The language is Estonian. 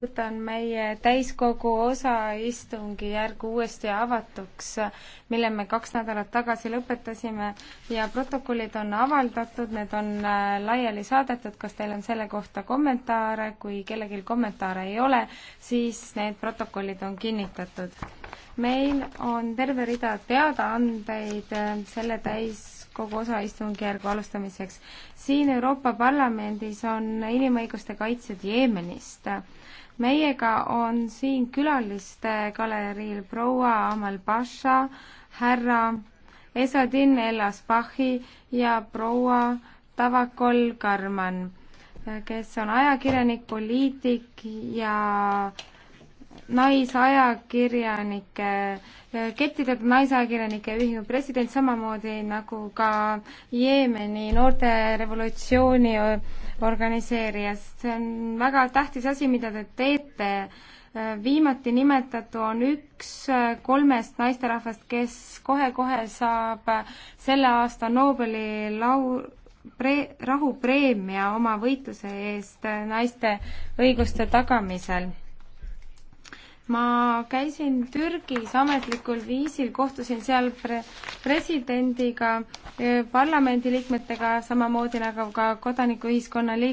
kuulutan meie täiskogu osaistungijärgu uuesti avatuks, mille me kaks nädalat tagasi lõpetasime ja protokollid on avaldatud, need on äh, laiali saadetud, kas teil on selle kohta kommentaare, kui kellelgi kommentaare ei ole, siis need protokollid on kinnitatud. meil on terve rida teadaandeid äh, selle täis täiskogu osaistungjärgu alustamiseks. siin Euroopa Parlamendis on inimõiguste kaitsjad Jeemenist. meiega on siin külaliste galeriil proua Amal Pasha, härra Esadin Elasbahi ja proua Tavakol Karman, kes on ajakirjanik, poliitik ja naisajakirjanike, kettideta naisajakirjanike ühingu president, samamoodi nagu ka Jeemeni noorte revolutsiooni organiseerijas. see on väga tähtis asi, mida te teete. viimati nimetatu on üks kolmest naisterahvast, kes kohe-kohe saab selle aasta Nobeli lau-, pre-, rahupreemia oma võitluse eest naiste õiguste tagamisel ma käisin Türgis ametlikul viisil, kohtusin seal pre presidendiga, eh, parlamendiliikmetega, samamoodi nagu ka kodanikuühiskonna liikmetega.